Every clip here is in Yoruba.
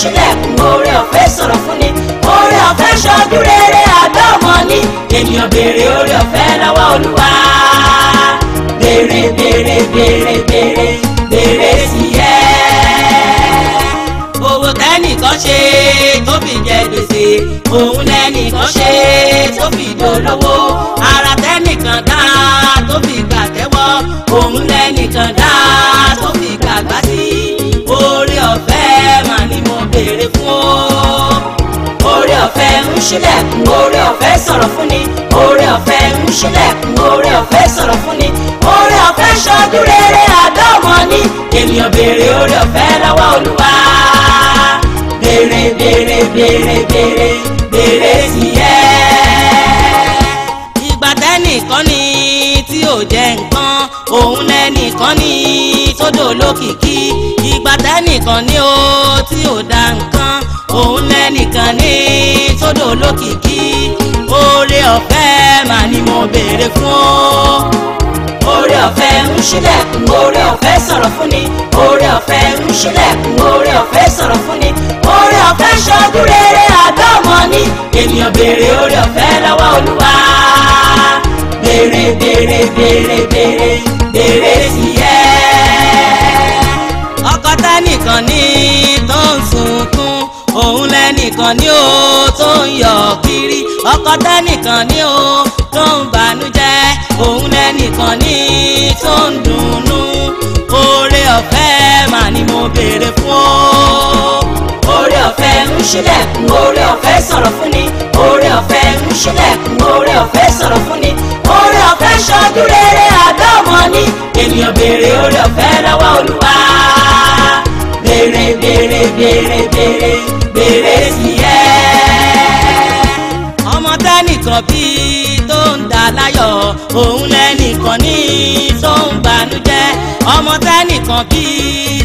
ṣílẹ̀kùn oore ọ̀fẹ́ sọ̀rọ̀ fún ni oore ọ̀fẹ́ ṣojú rere àgbà ọmọ ni ènìyàn béèrè oore ọ̀fẹ́ lọ́wọ́ olúwa béèrè béèrè béèrè béèrè béèrè sí yẹ. owó tẹ́nìkan ṣe tó fi jẹ gbèsè òun lẹ́nìkan ṣe tó fi dolówó ara tẹ́nìkan dá tó fi gbàtẹ́wọ́ òun lẹ́nìkan dá. ṣílẹ̀kùn oore ọ̀fẹ́ sọ̀rọ̀ fún ni oore ọ̀fẹ́ ń ṣílẹ̀kùn oore ọ̀fẹ́ sọ̀rọ̀ fún ni oore ọ̀fẹ́ ṣọdún rere àdọ́mọ̀ ni ènìyàn béèrè oore ọ̀fẹ́ lọ́wọ́ olúwa béèrè béèrè béèrè béèrè béèrè sí ẹ. ìgbà tẹ́nìkan ni tí ò jẹ nǹkan òun lẹ́nìkan ni tó dò lókìkí ìgbà tẹ́nìkan ni ó tí ò dá nǹkan òun lẹ́nìkan ní tódò lókìkí oore ọ̀fẹ́ mà ni mo béèrè fún o. oore ọ̀fẹ́ ń ṣílẹ̀kùn oore ọ̀fẹ́ sọ̀rọ̀ fún ni oore ọ̀fẹ́ ń ṣílẹ̀kùn oore ọ̀fẹ́ sọ̀rọ̀ fún ni oore ọ̀fẹ́ ṣọdún rere àgbà ọmọ ni ènìyàn béèrè oore ọ̀fẹ́ lọ́wọ́ olúwa béèrè béèrè béèrè béèrè béèrè sí yẹ. ọkọ tẹ́nìkan ní òun lẹ́nìkan ní o tó ń yọ kiri ọkọ tẹ́nìkan ní o tó ń bànújẹ́ òun lẹ́nìkan ní tó ń dùnnú oore ọ̀fẹ́ mà ni mo béèrè fún o. oore ọ̀fẹ́ ń ṣílẹ̀kùn oore ọ̀fẹ́ sọ̀rọ̀ fún ni oore ọ̀fẹ́ ń ṣílẹ̀kùn oore ọ̀fẹ́ sọ̀rọ̀ fún ni oore ọ̀fẹ́ ṣojú rere àgọ́ ni ènìyàn béèrè oore ọ̀fẹ́ lọ́wọ́ Olúwa. Bere bere bere bere bere sí ẹ. ọmọ tẹ́nìkan bí tó ń dà láyọ̀ òun lẹ́nìkan ní tó ń banújẹ́ ọmọ tẹ́nìkan bí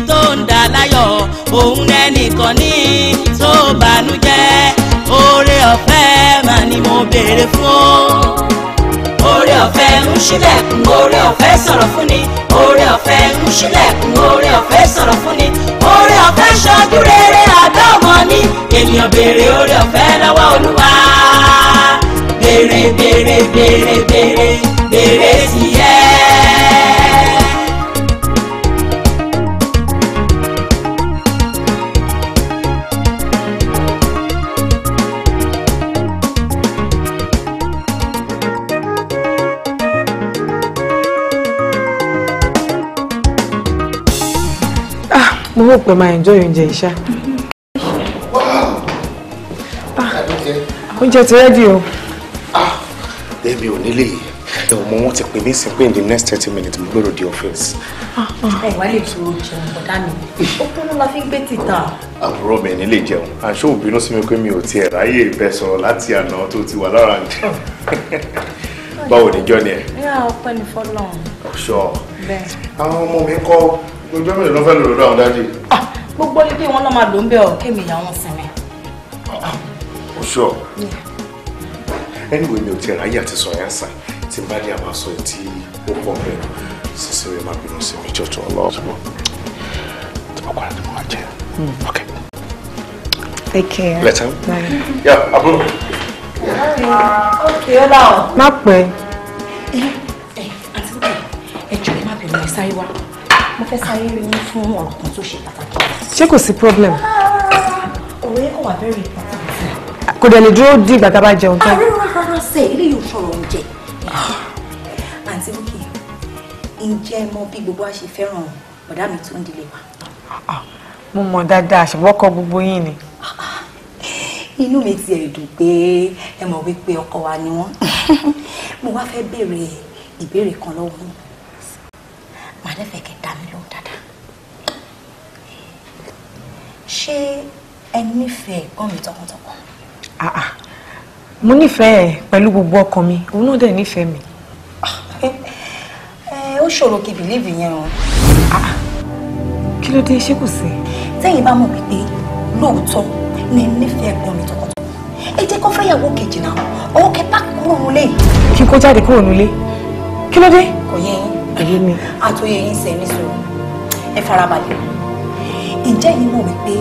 tó ń dà láyọ̀ òun lẹ́nìkan ní tó banújẹ́ oore ọ̀fẹ́ mà ni mo béèrè fún. Ore ọ̀fẹ́ ń ṣílẹ̀kùn ore ọ̀fẹ́ sọ̀rọ̀ fún ni oore ọ̀fẹ́ ń ṣílẹ̀kùn oore ọ̀fẹ́ sọ̀rọ̀ fún ni oore ọ̀fẹ́ ṣojú rere àdọ́mọ ni ènìyàn béèrè oore ọ̀fẹ́ lọ́wọ́ olúwa béèrè béèrè béèrè béèrè béèrè sí yẹn. mo rò pé máa enjoy oúnjẹ ìṣá. Ah, oúnjẹ ti rẹ́dì o. èmi ah, ò nílé yìí ẹ ò mọ wọn ti pè mí sí pé in the next thirty minutes mo gbèrò the office. Ah, ẹ wá lè dúró jẹun bọ̀dá mi ó kúrú la fi gbé títà. àbúrò mi ní lè jẹun àṣọ òbínú sí mi pé mi ò tiẹ̀ ráyè ìbẹ sọ̀rọ̀ láti àná tó ti wà lára ǹjẹ́ báwo níjọ́ ni ẹ. ẹ á ọpẹ́ ní fọlọ́run. ọ̀ṣọ́ àwọn ọmọ mi kọ́ gbogbo mi ló fẹ́ lò lọ́dọ̀ àwọn dájú. Ah, gbogbo ilé wọn lọ máa lò ń bẹ ọ kémi ìyàwó sinmi. Ah, o sọ anyway mi ò tiẹ̀ ráyè àti sọ yẹn sàn tí n bá dé àwọn aṣọ tí ó pọ̀ bẹ́ẹ̀ sísè rẹ̀ máa bínú sí mi jọjọ ọlọ́ọ̀tún tí mo kọ́ àti mo máa jẹ hmm. ok. Take care. Later. Bye. Yeah, Abu. Okay, ó dáhùn. Má pẹ́. Ẹ eh, ẹ eh, àti ẹ eh, ẹ jọ̀ọ́ ẹ má bẹ̀rù ẹ sáré wá mo fẹ́ sáré rí yín fún ọ̀rọ̀ kan tó ṣe pàtàkì. ṣé kò sí problem. Ah, ọ̀rọ̀ yẹn kàn wá very important. kò dẹ̀ lè dúró di ìgbà tá a bá jẹun tán. Ah, rárá rárá sẹ́ ilé yóò sọ̀rọ̀ oúnjẹ. àǹtí wíkì ǹjẹ́ mọ bí gbogbo wa ṣe fẹ́ràn bọ̀dá mi tó ń dilé wa. Ah, mo mọ̀ dáadáa ṣùgbọ́kọ gbogbo yín ni. inú mi tiẹ̀ dùn pé ẹ mọ̀ wípé ọkọ wa ni wọ́n mo wá fẹ́ béèrè ìbéèrè kan lọ́wọ́ yín màdẹ́fẹ̀kẹ́ ṣé ẹ nífẹ̀ẹ́ ẹ̀gbọ́n mi tọkàntọkàn. Ah, ah. mo nífẹ̀ẹ́ pẹ̀lú gbogbo ọkàn mi òun náà dẹ̀ nífẹ̀ẹ́ mi. Eh, ó ṣòro kí bìlíìfì yẹn o. Ah, kí ló dé ṣé kò sí. tẹ́yìn bá mọ̀ pé lóòótọ́ ni nífẹ̀ẹ́ ẹ̀gbọ́n mi tọkàntọkàn ẹ jẹ́ kó fẹ́yàwó kejì náà owó kẹta kúrò nulẹ̀. kí n kó jáde kúrò nulẹ̀ kí ló dé. kò yẹ yín. àyè mi. àtòyè yín sẹ́ni sọ̀rọ̀ ẹ farabalẹ̀ ǹjẹ́ yìí mọ̀ wípé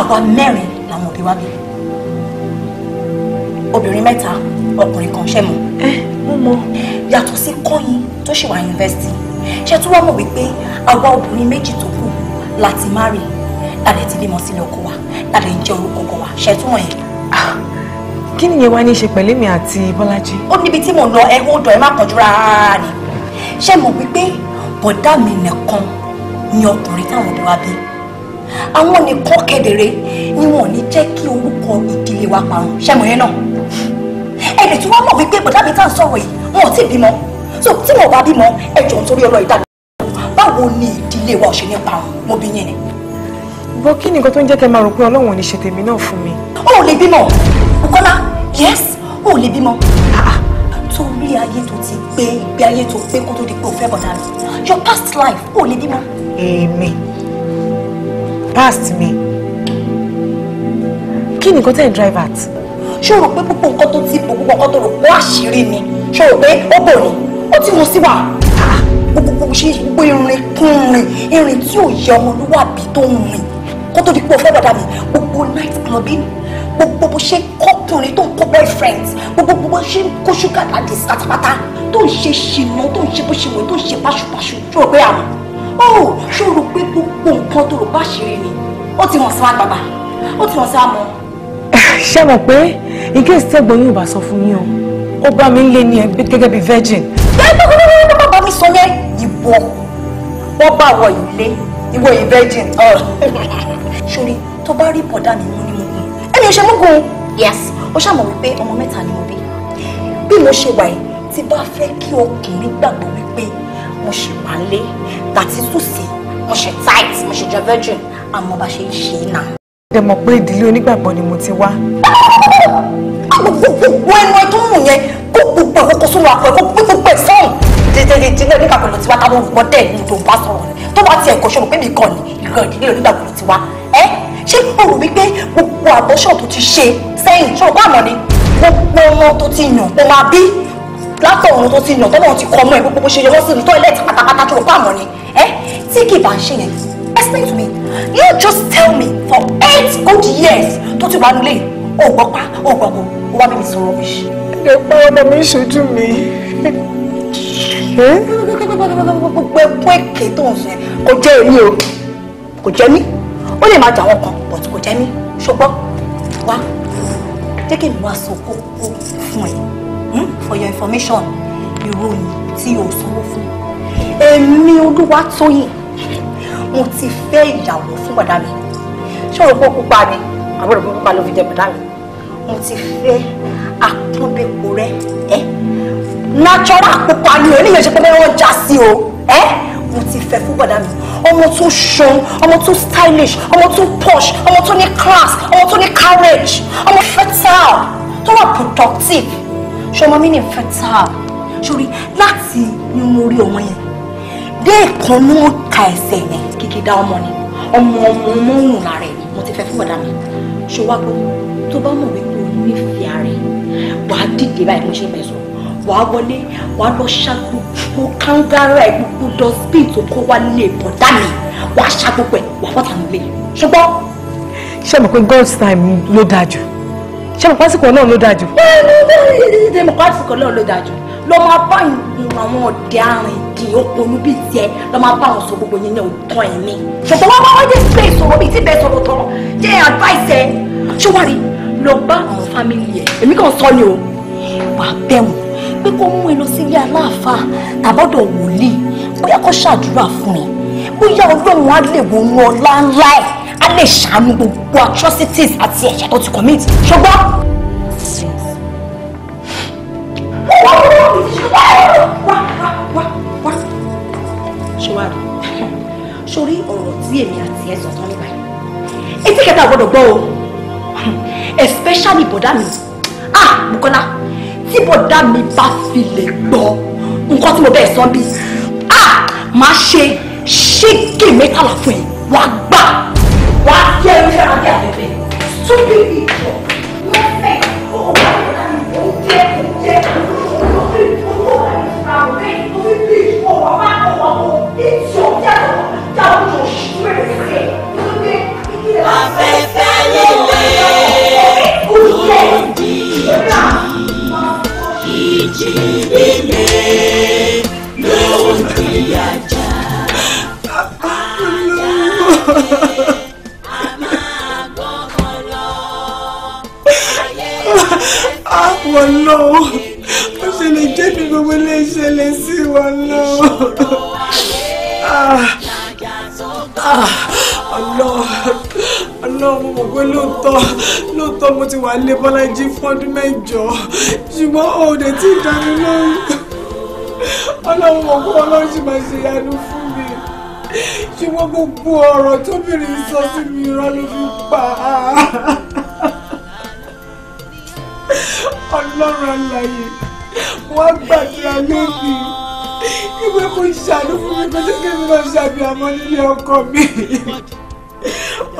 àwa mẹ́rin làwọn òbí wa bí obìnrin mẹ́ta ọkùnrin kan ṣẹ́ mọ̀. mo mọ. yàtọ̀ sí kọ́yìn tó ṣì wà yunifásitì ṣe tún wá mọ̀ wípé àwa obìnrin méjì tó kù láti má rí lálẹ́ ti bímọ sílé ọkọ wa lálẹ́ ń jẹ́ orúkọ ọkọ wa ṣe tún wọ̀nyẹn. Ah, kí nìyẹn wá ní í ṣe pẹ̀lú èmi àti bọ́lájí. ó níbi tí mo lọ ẹ ó dọ̀ ẹ má kọjú rárá ni ṣe mọ̀ wípé bọ̀dá mi nìkan ni ọkùnrin táwọn òbí wa bí àwọn nìkan kedere ni wọn ò ní jẹ́ kí orúkọ ìdílé wa parun ṣẹ́mu yẹn náà ẹ̀rẹ̀ tí wọ́n mọ̀ wípé bọ̀dá mi tá à ń sọ̀rọ̀ yìí wọn ò tí ì bímọ so tí wọn ò bá bímọ ẹ jọ̀ọ́ nítorí ọlọ́ ìdá báwo ni ìdílé wa ò ṣe ní parun mo bí yín ni. bọ́ kí ni nǹkan tó ń jẹ́ kẹ́ máa rò pé ọlọ́run ò ní ṣe tèmi náà fún mi. o ò lè bímọ Bùkọ́lá yes o ò lè bímọ ah, torí ayé tó ti gbé ìgbé ayé tó gbé kó tó di pé o fẹ́ bọ̀dá mi your past life o ò lè bímọ. èmi. Hey, past mi kí ni nǹkan tẹ́ ń drive at ṣé o rò pé púpọ̀ nǹkan tó ti bò púpọ̀ nǹkan tó rò pé àṣírí ni ṣé o rò pé ó bò ní ó ti mú sí wa ah, gbogbo ṣe gbogbo irin kún rin irin tí ò yẹ ọmọlúwàbí tó ń rìn kó tó di pé o fẹ́ bàdà mi gbogbo night clubbing gbogbo bó ṣe kọkùnrin tó ń kó boyfriend gbogbo bó ṣe ń kó ṣúgà láti sàtàpátá tó ń ṣe ṣìnà tó ń ṣe bó ṣe wọ̀ tó ń ṣe báṣubàṣu tó rò pé àmọ́ ó ṣòro pé gbogbo nǹkan tó rò bá ṣeré ni ó ti hàn sí wa gbàgbà ó ti hàn sí wa mọ. ṣé mọ̀ pé igi ìsẹ́gbọ̀n yóò bá sọ fún yín o ó bá mi lé ní ẹgbẹ́ gẹ́gẹ́ bí virgin. bá bá mi sọ yẹn ìwọ wọ́n bá wọ ilé ìwọ yìí virgin. sori tó bá rí bọ̀dá mi mú ni mo gùn ẹni ò ṣe mú gùn. yes ó ṣàmọ̀ wípé ọmọ mẹ́ta ni mo bí bí mo ṣe wà yìí tí bá fẹ́ kí ọkùnrin gbàgbọ́ wípé mo ṣe pálé tàti sùsì mo ṣe tight mo ṣe jẹ virgin àmọ́ bá ṣe ń ṣe é nà. ẹ mọ̀ pé ìdílé onígbàgbọ́ ni mo ti wá. gbogbo ẹnu ẹ tó mú yẹn kó gbogbo ẹ̀kọ́ kó sóhun àpò ẹ̀kọ́ pé gbogbo ẹ̀ sọ̀rọ̀ dídídí ìdílé onígbàgbọ́ ló ti wá táwọn olùkọ́ dẹ̀ ní ìdòwò bá sọ̀rọ̀ ni tó bá tiẹ̀ kọ́ sọ̀rọ̀ pé mi kàn ní ìrọ̀ ìdílé onígbàgbọ́ ló ti wá ẹ́ ṣé o rò wípé gbogbo àbọ̀ṣọ̀ tó ti ṣe sẹ́yìn ṣọ̀gbọ́n àmọ́ ni gbogbo ọmọ tó ti yàn ó máa bí látọ̀run tó ti nà tọ́lọ́run ti kọ́ ọmọ ẹ̀ gbogbo ṣe yọwọ́ sí ní tọ́ẹ̀lẹ́tì pátápátá tó pa àmọ́ ni ẹ́ tí kì bá ń ṣe yẹn explain to me you just tell me for eight good years tó ti wà nílé o gbọ́ pa o gbọ́ bò o wá bèbè sọ̀rọ̀ mi. ẹ pa ọmọ mi ṣojú mi. gbogbo ẹkún èké tó ń sọ kò jẹ́ èmi o kò jẹ́ mí ó lè má jà wọ́n kan but kò jẹ́ mí ṣùgbọ́n wá jẹ́ kí n wá sọ kókó fún ẹ for your information ìròyìn tí o sanwó fún èmi Olúwatóyìn mo ti fẹ́ ìyàwó fún bàdá mi ṣé òun kó pupa ni àbúrò mi pupa ló fi jẹ bàdá mi mo ti fẹ́ àpọ́nbẹ́po rẹ ẹ́ natural pupa ni ò ní ìyẹn ṣe pé wọ́n já sí o ẹ́ mo ti fẹ́ fún bàdá mi ọmọ tó ṣan ọmọ tó stylish ọmọ tó posh ọmọ tó ní class ọmọ tó ní courage ọmọ fertile tó wà productive ṣọmọ mi ní fertile sórí láti ni mo rí ọmọ yẹn dé ìkan ní mo ka ẹsẹ̀ yẹn kíkí dá ọmọ ni ọmọ ọmọ ọmọ òun lára ẹ̀ mo ti fẹ́ fún ọ̀dà mi ṣó wá gbọ́ tó bá mọ̀ wípé o nífẹ̀ẹ́ ara wàá dìde báyìí mo ṣe ń bẹ̀ sọ wàá wọlé wàá lọ ṣá gbogbo kángára ẹ̀ gbogbo dustbin tó kó wá nílé ìbọ̀dá mi wàá ṣá gbogbo ẹ̀ wàá bọ́ta nílé ṣùgbọ́n. ṣé mo pe god's time ló dáa jù ṣé mo pásìkò náà ló dájú. ṣé mo pásìkò náà ló dájú lọ máa bá àwọn ọ̀dẹ́ àrìn dín òpònú bíi tiẹ̀ lọ máa bá àwọn sọ gbogbo yẹn ní òótọ́ ẹ̀ ní. ṣùgbọ́n wọ́n bá wọ́n dé sílé ìṣòro bíi tí bẹ́ẹ̀ sọ̀rọ̀ tọ̀rọ̀ jẹ́ advice ẹ̀ ṣùwárí lọ bá àwọn family ẹ̀ èmi kàn sọ ni o wà bẹ̀wọ̀n pé kó mú ẹ lọ sílé aláàfáà tàbọ̀dọ̀ wòlíì bóyá kó ṣàdúrà fún ẹ bóyá ọlọ́run á lè wọnú ọlá ńlá ẹ̀ á lè ṣàánú gbogbo atrocities àti ẹ̀ṣẹ̀ tó ti commit ṣùgbọ́n. sórí ọ̀rọ̀ tí èmi àti ẹ̀ sọ̀tàn nípa ẹ̀ etí kẹta gbọ́dọ̀ gbọ́ o especially bọ̀dá mi ah Bukola tí bọ̀dá mi bá fi lè gbọ́ nǹkan tí mo bẹ́ẹ̀ sọ bí ah máa ṣe mẹ́tàlá fún yìí wàá gbà. wọn lọ ó ṣẹlẹ̀ jẹ́ bí gbogbo ilé ìṣẹ̀lẹ̀ sí wọn lọ. ọlọ ọlọ mo mọ̀ pé lóòótọ́ lóòótọ́ mo ti wà lé Bọ́lájí fún ọdún mẹ́jọ ṣùgbọ́n òde tí ì dá mi lóhùn ọlọ́run mọ̀ pé ọlọ́run ṣì máa ṣe ìyanu fún mi ṣùgbọ́n gbogbo ọ̀rọ̀ tóbìnrin sọ sí mi irọ́ ló fi pa á. ọlọ́run àlàyé wọ́n gbàdúrà lóbi ìwé kò ṣàánú fún mi pé kí mi lọ ṣàbí àmọ́ nílé ọkọ mi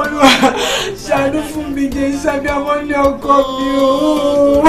olúwa ṣàánú fún mi jẹ́ ṣàbí àmọ́ nílé ọkọ mi ooo.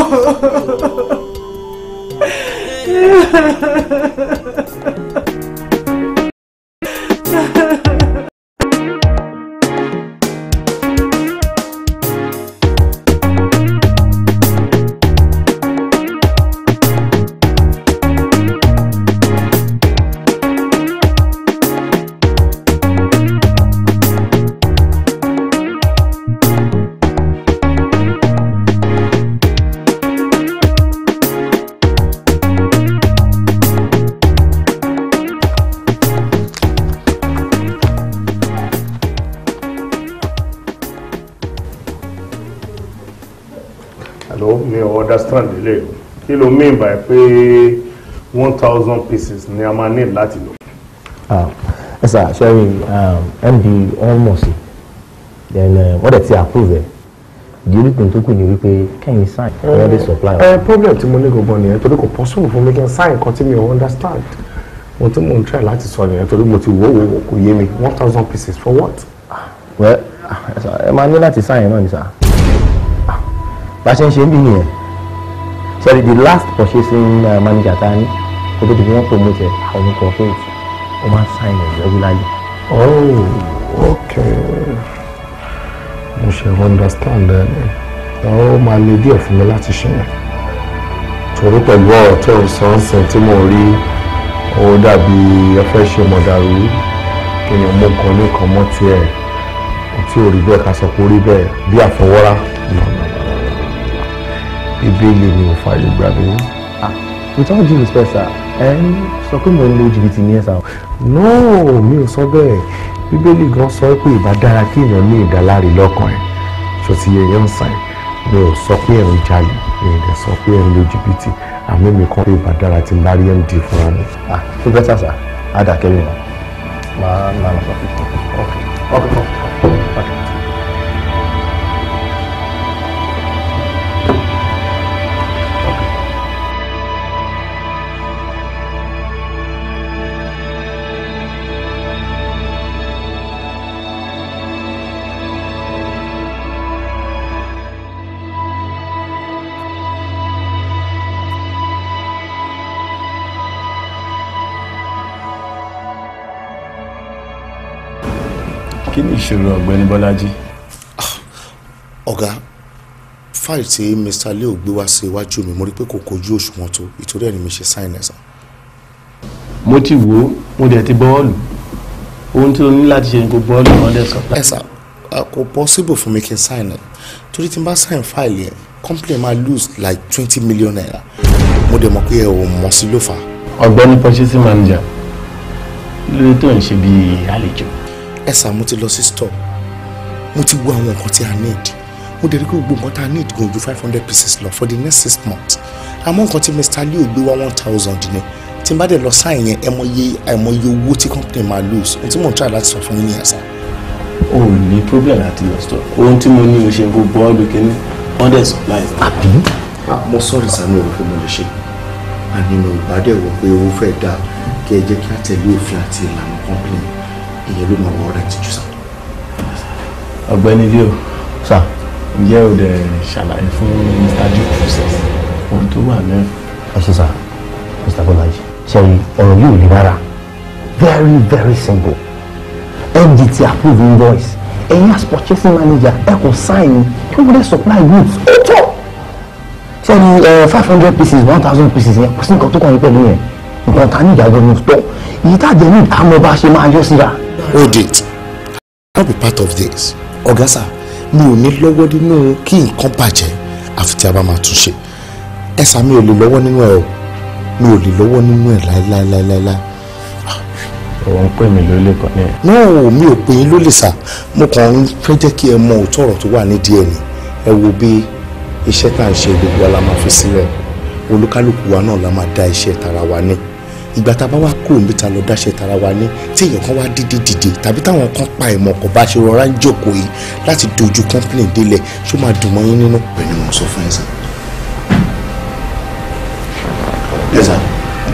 thousand pieces ni a máa ní láti lò. Ah, ẹ sà sẹ́rí md um, ọmọ then uh, wọ́n dẹ̀ ti approve ẹ̀ di orígun tó kù ní wípé kẹ́yìn sign ọ̀rọ̀ dé eh, supply. ẹ eh, problem tí mo ní gbogbo nìyẹn torí kò possible fún mi kí n sign nǹkan tí mi ò understand mo tí mo ń try láti sọ nìyẹn torí mo ti wò wò kò yé mi one thousand pieces for what. well ah, ẹ máa ní láti sign ẹ náà ní sà ah, bá a ṣe ń ṣe ń bí nìyẹn sorry the last purchasing uh, manager ta ni kó tó di pé wọ́n promote ẹ̀ àwọn ní corporate ó máa ń sign ẹ̀ regularly. oh ok, mo ṣe understand ẹ ọ máa le díẹ̀ fún mi láti ṣe yẹn torí pẹ̀lú ọ̀rọ̀ tó ń sọ ń sìn tí mo rí ó dàbí ẹ fẹ́ ṣe mọ̀dàrú èèyàn mú kan ní kan mọ́ tiẹ̀ tí ò rí bẹ́ẹ̀ ká sọ pé ó rí bẹ́ẹ̀ bí àfọwọ́rá bíbélì mi ò fààyè gbà mí. with all due respect sir ẹ ń sọ pé mo ń lo jìbìtì ní ẹ̀sà. no mi ò sọ bẹ́ẹ̀ bíbélì gan sọ pé ìbá dára kí èèyàn ní ìdáláre lọ́kàn ẹ̀ ṣó ti yẹ yẹn ń sàn mi ò sọ pé ẹ̀ ń jalè mi ò sọ pé ẹ̀ ń lo jìbìtì àmì mi kan pé ìbá dára ti ń bá rí md fúnra mi. ah tó bẹ́tà sá adàkẹ́rì náà máa máa lọ sọ fún mi. ok ok. ìṣirò ọ̀gbẹ́ni bọ́lájí. Ah, ọ̀gá fáìlì tí mr leo gbé wá sí iwájú mi mo rí pé kò kojú òṣùwọ̀n tó ìtorí ẹ̀ ni mi ṣe sáìn ẹ̀sán. mo ti wò ó mo dẹ̀ ti bọ́ọ̀lù ohun tí o ní láti ṣe ni kò bọ́ọ̀lù wọn dẹ̀ sọ. ẹ sà kò possible fún mi kí n sáìn ẹ torí tí n bá sáìn fáìlì ẹ company máa lose like twenty million naira mo dẹ̀ mọ̀ pé ẹ ò mọ̀ sí ló fà. ọ̀gbẹ́ni purchasing manager lórí tó ń ṣe bíi àlejò ẹ sà mo ti lọ sí store mo ti wo àwọn nǹkan tí I need mo dẹ̀ rí pé gbogbo nǹkan tá a need gan ju five hundred pieces lọ for the next six months àmọ́ nǹkan tí Mr. Leo gbé wá one thousand ni tí n bá dẹ̀ lọ sáyìn yẹn ẹ mọye àìmọye owó tí company máa lose ohun tí mò ń try láti sọ fún yín nìyẹn sà. o ní problem láti lọ store ohun tí mo ní mo ṣe gbogbo ọdún kìíní wọ́n dẹ̀ supply. àbí mo sọ̀rọ̀ sanu ọ̀rọ̀ fún mi ah, lè ṣe àní mo ìbádẹ́wọ̀ pé owó fẹ́ dáa kí ẹ jẹ́ kí á tẹ̀lé òfin àti ìlànà company ìyẹn ló máa correct jù sá. ọ̀gbẹ́ni leo sá ǹjẹ́ o dẹ̀ ṣàlàyé fún mr duke process ohun tó wà lẹ́nu. ẹ ṣe sá mr bọ́lájì sẹ́yìn ọ̀rọ̀ yìí lè rárá very very simple mdt approve invoice ẹ̀yin as purchasing manager ẹ kò sign kí wọ́n dẹ̀ supply goods ó tọ̀ sẹ́yìn five hundred pieces one thousand pieces yẹn kò sí nǹkan tó kàn yín pẹ̀lú yẹn nǹkan tá a ní ìdájọ́ ní store èyí tá a jẹ ní ìdámọ̀ bá ṣe máa yọ síra hold it i be part of this ọ̀gá sà mi ò ní lọ́wọ́ nínú kí nǹkan bàjẹ́ àfi tí a bá máa tún ṣe ẹ̀sà mi ò lè lọ́wọ́ nínú ẹ̀ o mi ò lè lọ́wọ́ nínú ẹ̀ láéláéláéláé. òun pè mí ló lè kàn ní ẹ̀. náà mi ò pè yín ló lè sà mo kàn ń fẹ́ jẹ́ kí ẹ mọ òótọ́ ọ̀rọ̀ tó wà nídìí ẹ̀ ni ẹ wo bí iṣẹ́ tá à ń ṣe gbogbo wa la máa fi sílẹ̀ olúkálùkù wa náà la máa dá iṣẹ́ tara wa ní ìgbà tá a bá wá kúrò níbi tá a lọ dáṣẹ tara wa ní tí èèyàn kan wá dídí dìde tàbí táwọn kan pa ìmọ̀ kò bá ṣe rọra ń jókòó yìí láti dojú kọ́ńpìnì délẹ̀ ṣó máa dùn mọ́ yín nínú. bẹ́ẹ̀ni mo sọ fún ẹ sá. ẹ sá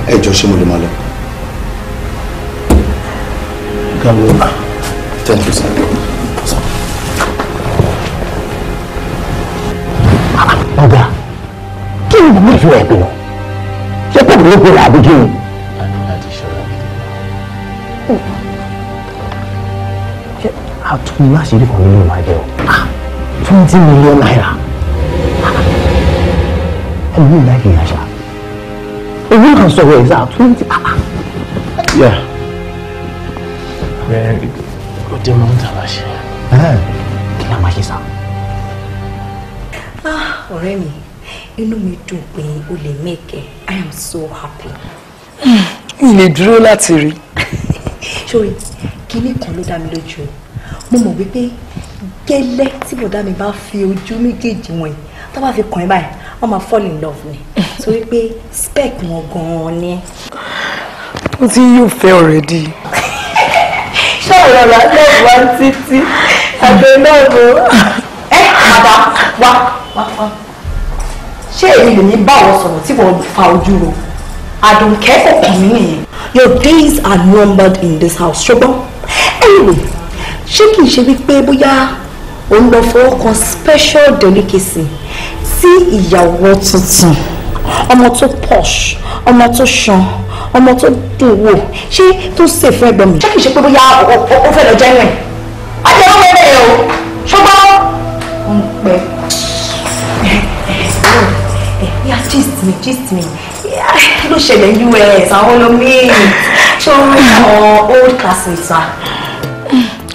ẹ jọ ṣé mo lè máa lọ. káwọ ah, thank you sir. kí ni mo fi ẹ̀ pè ṣé pọ̀ ló pè é kí ni. tún láṣìírí kan nínú ìmájẹ o twenty million naira ẹ̀mí ìdájì yàtọ̀ èyí náà sọ̀rọ̀ ẹ̀sà twenty. yeah ó dé mọ́ níta láṣẹ. kí la máa ṣe sá. ọ̀rẹ́ mi inú mi dùn pé o lè mẹ́kẹ̀ i am so happy. mi lè dúró láti rí. sori kinní kan ló dá mi mo mọ̀ wípé gẹ́lẹ́ tí bọ̀dá mi bá fi ojú méjèèjì wọn yìí tó bá fi kàn ẹ́ báyìí wọ́n máa fall in love ni so wípé spec wọn gan-an ni. ó ti yóò fẹ́ already. ṣọ́ọ̀rọ̀ làlẹ́ wa títí àgbẹ̀ náà bò ẹ́ bàbá wa wa wa ṣé èyí lè ní báwo sọ̀rọ̀ tí wọ́n fa ojú ro àdùnkẹ́ kò kàn mí nìyẹn. your days are numbered in this house ṣùgbọ́n anyway ṣé kì í ṣe wípé bóyá ò ń lọ fọwọ́ kan special delicacy sí ìyàwó tuntun ọmọ tó posh ọmọ tó ṣan ọmọ tó dùn wò ṣé tó ṣe fún ẹ̀gbọ́n mi. ṣé kì í ṣe pé bóyá ó fẹ́ lọ jẹ́ rẹ̀ ọjọ́ ló fẹ́ rẹ̀ o ṣùgbọ́n. ń pẹ́ yà gist mi gist mi kí ló ṣẹlẹ̀ us àwọn olómi ṣé àwọn old classmates wa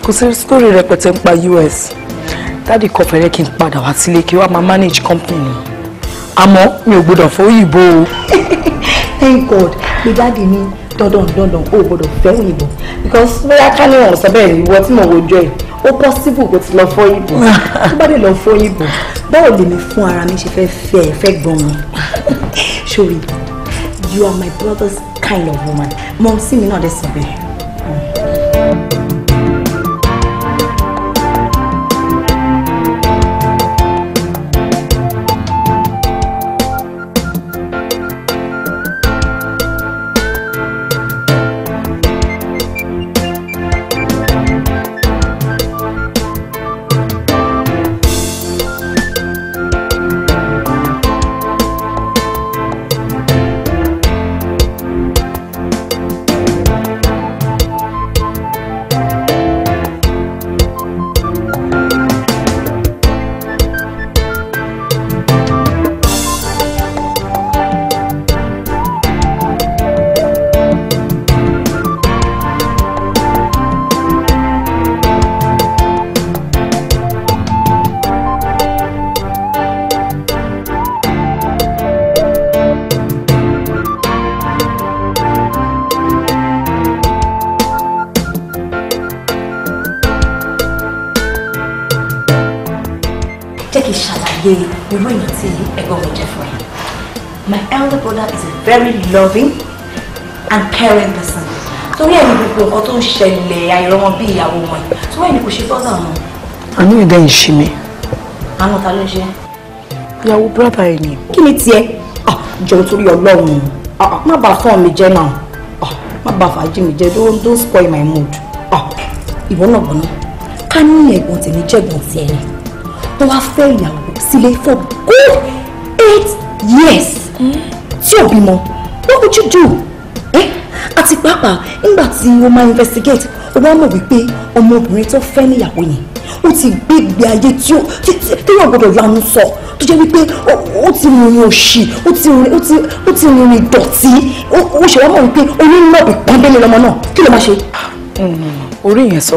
kò sí sítórí rẹpẹtẹ ń pa US dáàdì kan fẹ́rẹ́ kí n padà wá sílé kí wọ́n máa manage company mi àmọ́ mi ò gbọ́dọ̀ fẹ́ òyìnbó o. thank god mi dáàdì ní dandan dandan o gbọ́dọ̀ fẹ́ òyìnbó because bóyá kánú ọ̀sán bẹ́ẹ̀ ni ìwọ tí mo wojú ẹ̀ ó possible kó ti lọ fọ́ ìbò tó bá dé lọ fọ́ ìbò báwo lèmi fún ara mi ṣe fẹ́ fẹ́ ẹ fẹ́ gbọ́n mi sori you are my brother's kind of woman mom sí mi náà dé sọ bẹ́ẹ̀. is a very loving and caring person So when you go tó ń ṣẹlẹ̀ àìrọ́mọ bí ìyàwó wọn tó wẹ́n ní kò ṣe fọ́dọ̀ wọn. àánú ẹ̀dá ń ṣe mi. àánú ta ló ń ṣe. ìyàwó búrọ́dà ẹ̀ ni. kí ni tiẹ̀ ah, jọ̀wọ́ torí ọlọ́run ah, má bàa fọ́ọ̀n mi jẹ́ náà ah, má bàa fàájì mi jẹ́ don't don't spoil my mood. ìwọ náà gbọ́n náà ká ní ẹ̀gbọ́n tèmi jẹ̀gbọ́n tiẹ̀ ni wọ́n wá fẹ́ ìyàwó sílé for good eight years. Mm tí ò bímọ what would you do? ẹ eh? àti pàápàá nígbà tí o máa investigate o wá mọ̀ wípé ọmọbìnrin tó fẹ́ níyàwó yẹn ó ti gbé ìgbé ayé tí ó tí tí yóò gbọdọ̀ lanu sọ tó jẹ́ wípé ó ti rìnrìn òṣì ó ti rìn ó ti ó ti rìnrìn dọ̀tí ó ṣe wá mọ̀ wípé onínàbì pọ́nbélé lọmọ náà kí ló máa ṣe. Hmm, orí yẹn sọ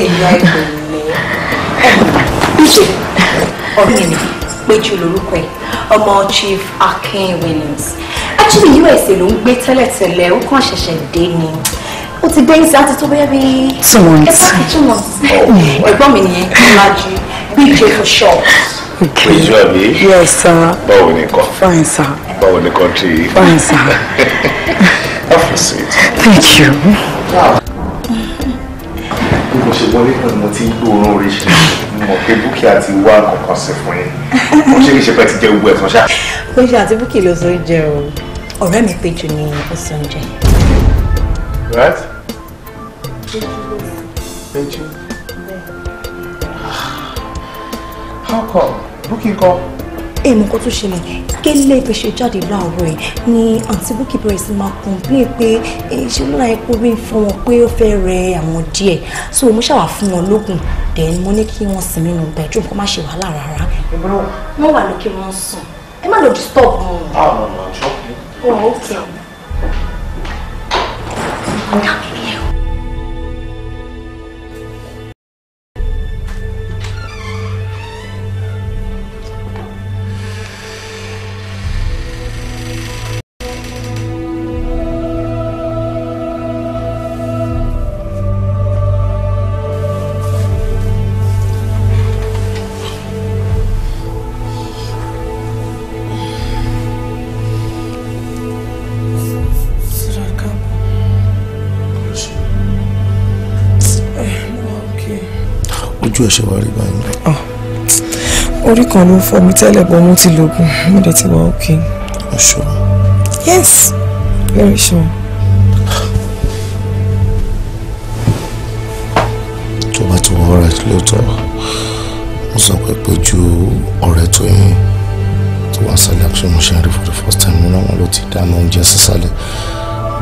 ẹ̀yà ìpínlẹ̀ ìṣe ọ̀gbìnì péjú lórúkọ ẹ̀ ọmọ Chief Akin Williams actually USA ló ń gbé tẹ́lẹ̀tẹ́lẹ̀ ó kàn ṣẹ̀ṣẹ̀ dé ni ó ti dé ìsá ti tó bẹ́ẹ̀ bí oh, ẹ̀gbọ́n mi nìyẹn lájú bj for short. Okay. Is you abi? Yes, sir. Báwo ni nǹkan? Fine, sir. Báwo ni country? Fine, sir. Have a seat. Thank you. Wow bí mo ṣe wọlé pẹ̀lú mo ti ń gbóòórùn oríṣiríṣi mọ̀ pé búkì àti wá kankan sí fún yín mo ṣe kí ṣe pẹ́ ti jẹ́ gbogbo ẹ̀sán ṣá. ó àti búkì ló sọ jẹ o ọ̀rẹ́ mi péjú ni ó sọ jẹ. Ah. how come búkì kan èyí mọ̀ kó tó ṣẹlẹ̀ kélé fi ṣe jáde láàárọ̀ ẹ̀ ni àǹtí Bukky bẹ̀rẹ̀ sí máa complain pé ṣé ló láyé pé orí ń fọ́ wọn pé ó fẹ́ rẹ àwọn díẹ̀ so mo ṣàwà fún wọn lóògùn then mo ní kí wọ́n sinmi nù bedroom kó má ṣe wàhálà rárá. wọ́n wà ní kí wọ́n sùn ẹ má lọ disturb wọn. báwo ni wọn ṣọ́ọ̀kì. ọ̀ ok. Oh, ọ̀ṣẹ̀ wá rí báyìí. Ah, orí kan ló fọ́ mi tẹ́lẹ̀ bọ́ mo ti lògùn mo dẹ̀ ti wá òkè. o sure. yes very sure. tó bá ti wọ ọ̀rẹ́ lóòótọ́ mo sọ pé péjú ọ̀rẹ́ tó yín tó wá sálẹ̀ àti mo ṣe ń rí for the first time nínú àwọn ló ti dáná oúnjẹ sísàlẹ̀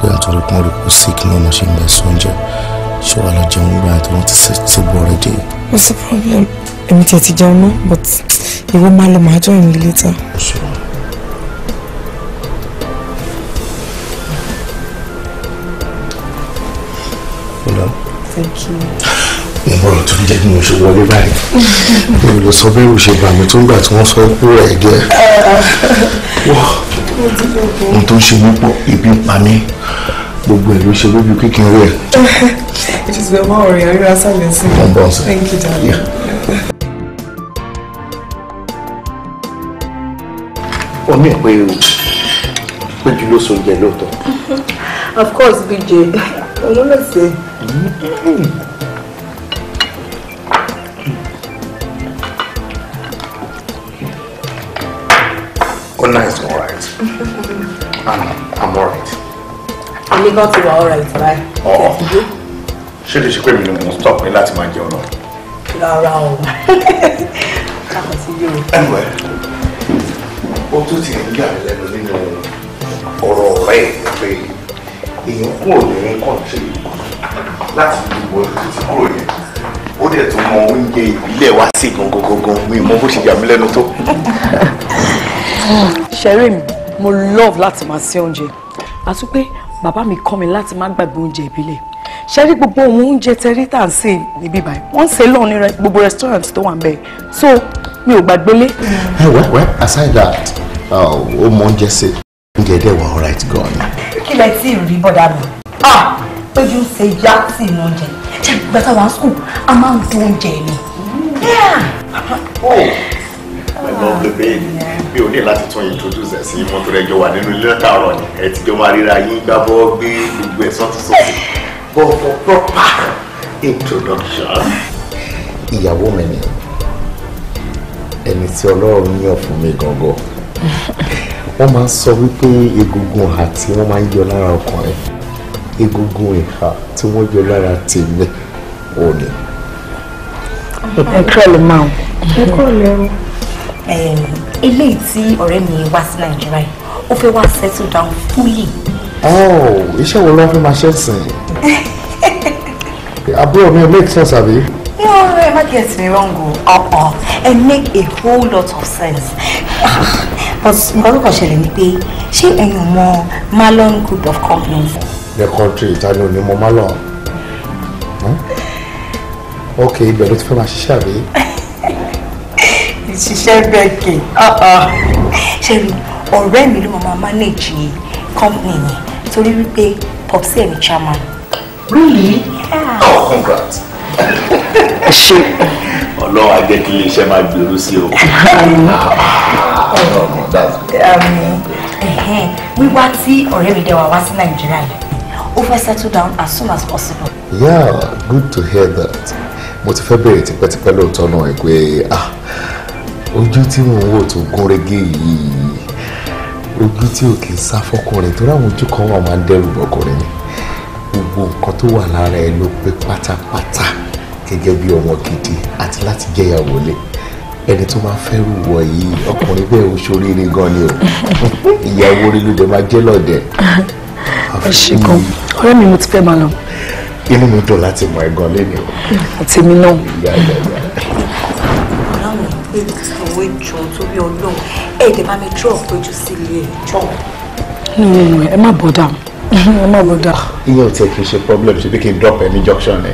bí àtúrò pọ́n rí kó sick náà ṣe ń bẹ̀ sóúnjẹ. So ṣé wàá lọ jẹun gba àti wọn ti ṣègbọ rẹ dé. what's the problem èmi tiẹ̀ ti jẹun náà but ìwọ máa lọ máa join me later. sure. Hello. Thank you. Mo bọ̀rọ̀ tó ń jẹ́ bí mo ṣe wọlé báyìí. Mi ò lè sọ bẹ́ẹ̀ ṣe bà mí tó ń gbà tí wọ́n sọ kú rẹ̀ díẹ̀. Wọ́n tó ń ṣe mú pọ̀ ibi pa mí gbogbo ẹ̀ ló ṣe lójú kíkin rẹ̀. it is well máa rìn àríwá sálẹ̀ sí i. ọ̀bọ̀n sọ thank you darling. o ní ìpè o péjú ló so jẹ lóòótọ́. of course bj òun ló ṣe. all nice all right I'm ah, i'm all right èmi kan ti wà ọ̀rọ̀ ìtura ẹ̀. ọ̀ọ́ ṣé lè ṣe pé mi ni mò ń stop ní láti máa jẹun náà. rárá o kàkọ́ sí yóò. ẹnwẹ́ ó tún ti ń yà lẹ́nu nínú ọ̀rọ̀ rẹ̀ pé èèyàn kúrò ní kọ́ńtì láti ìwọ ti kúrò yẹn ó dẹ̀ tún mọ oúnjẹ ìbílẹ̀ wá sí gangan mi mọ bó ṣe yà mí lẹ́nu tó. ṣẹ́rí mi mo love láti máa ṣe oúnjẹ àti pé bàbá mi kọ́ mi láti má gbàgbé oúnjẹ ìbílẹ̀ ṣe rí gbogbo ohun oúnjẹ tẹrí tà ń sè níbí báyìí wọ́n ń sè lọ́ọ̀ ní gbogbo restaurant tó wà ń bẹ̀ so mi ò gbàgbélé. ẹ wẹ wẹ aside that ó uh, mọ oúnjẹ sè oúnjẹ dẹ̀ wà alright gan. kí lẹ tí ì rí bọ́dà mi ah! ojú ń ṣe yá sí inú oúnjẹ ṣe gbàtà wá school a máa ń dún oúnjẹ ni. Oh! my lovely babe mi ò ní láti tún introduce ẹ sí mọ́tò rẹ jọ wà nínú ilé látàárọ̀ ni ẹ ti jọ máa ríra yín gbábọ́ gbé gbogbo ẹ̀ sọ́tún sọ́tún but for proper introduction ìyàwó mi ni ẹni tí ọlọ́run yàn fún mi gangan wọ́n máa ń sọ wípé egungun ìhà tí wọ́n máa ń yọ lára ọkùnrin egungun ìhà tí wọ́n yọ lára tèmi ò ní. ẹ kọ́ lè máa ẹ kọ́ lè rún eléyìí tí ọ̀rẹ́ mi wá sí nàìjíríà yìí ó fẹ́ wá settle down fully. oh iṣẹ́ wo ló fẹ́ máa ṣe sìn àbúrò mi make sense àbí. no no má get me wrong o ọ̀pọ̀ ẹ make a whole lot of sense but nǹkan ló kàn ṣẹlẹ̀ ni pé ṣé ẹ̀yin ò mọ Malon group of companies. the country ìtàní ò ní mọ Malon hmm? ok ibẹ̀ ló ti fẹ́ máa ṣiṣẹ́ àbí. ṣiṣẹ́ bẹ́ẹ̀ kì. ṣẹ́rí ọ̀rẹ́ mi ló máa manage company yẹn torí wípé popsi ẹ̀ ní chairman. really? Yeah. oh congrats. ṣe. ọlọ́run á jẹ́ kí iléeṣẹ́ máa gbèrú sí o. Ah, ah. Oh, wíwá tí ọ̀rẹ́ mi dẹwà wá sí nàìjíríà yìí ó fẹ́ settle down as soon as possible. yeah good to hear that mo ti fẹ́ bẹ̀rẹ̀ tipẹ́tipẹ́ lóòótọ́ náà ẹ̀ pé ah ojú tí mò ń wò tó gún régé yìí ojú tí ò kì í sá fọkùnrin tó ráwọn ojú kan wà máa ń dẹ́rù bọkùnrin ni gbogbo nǹkan tó wà lára ẹ ló pé pátápátá gẹ́gẹ́ bí ọmọ gidi àti láti jẹ́yàwó lé ẹni tó máa fẹ́ rúwọ yìí ọkùnrin bẹ́ẹ̀ ó ṣoríire gan ni o ìyàwó orí ló dé máa jẹ́ lọ́dẹ. ẹ ṣe gan ọ̀rẹ́ mi mo ti fẹ́ máa lọ. inú mi dùn láti mọ ẹ̀gàn lẹ́nu. àtẹ̀mí náà gbé mi sanwó ìjọ torí ọlọ́run ẹ̀ dẹ̀ bá mi drop lójú sílé ẹjọ́. ẹ má bọ̀dà ẹ má bọ̀dà. iye òtí ẹ kì í problem ṣe bí kí n drop ẹ ní junction ẹ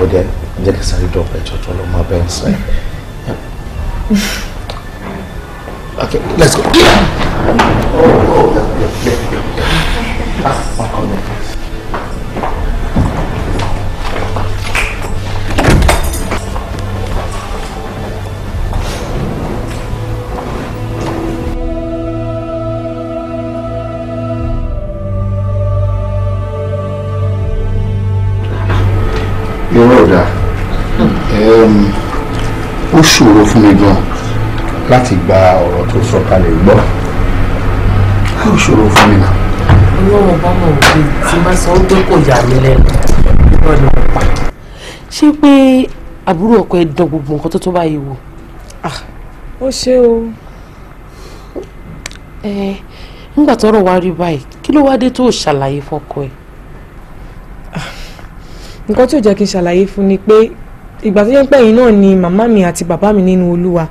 ọdẹ jẹ kí sáré Okay, let's go. Oh, oh, yeah, yeah, yeah, yeah. Ah, irọ́ ọ̀dà um, ó ṣòro fún mi gan láti gba ọ̀rọ̀ tó sọ kalẹ̀ gbọ́ ó ṣòro fún mi ọlọ́run bá mọ̀ wípé tí sọ pé kò yà mí lẹ́nu irọ́ ni mo pa. ṣé pé àbúrò ọkọ ẹ dán gbogbo nǹkan tó tó báyìí wò. Ah. ó ṣe o. nígbà wá rí nǹkan tí ò jẹ́ kí n ṣàlàyé fún ni pé ìgbà tó yẹ pé yín náà ni màmá mi àti bàbá mi nínú olúwa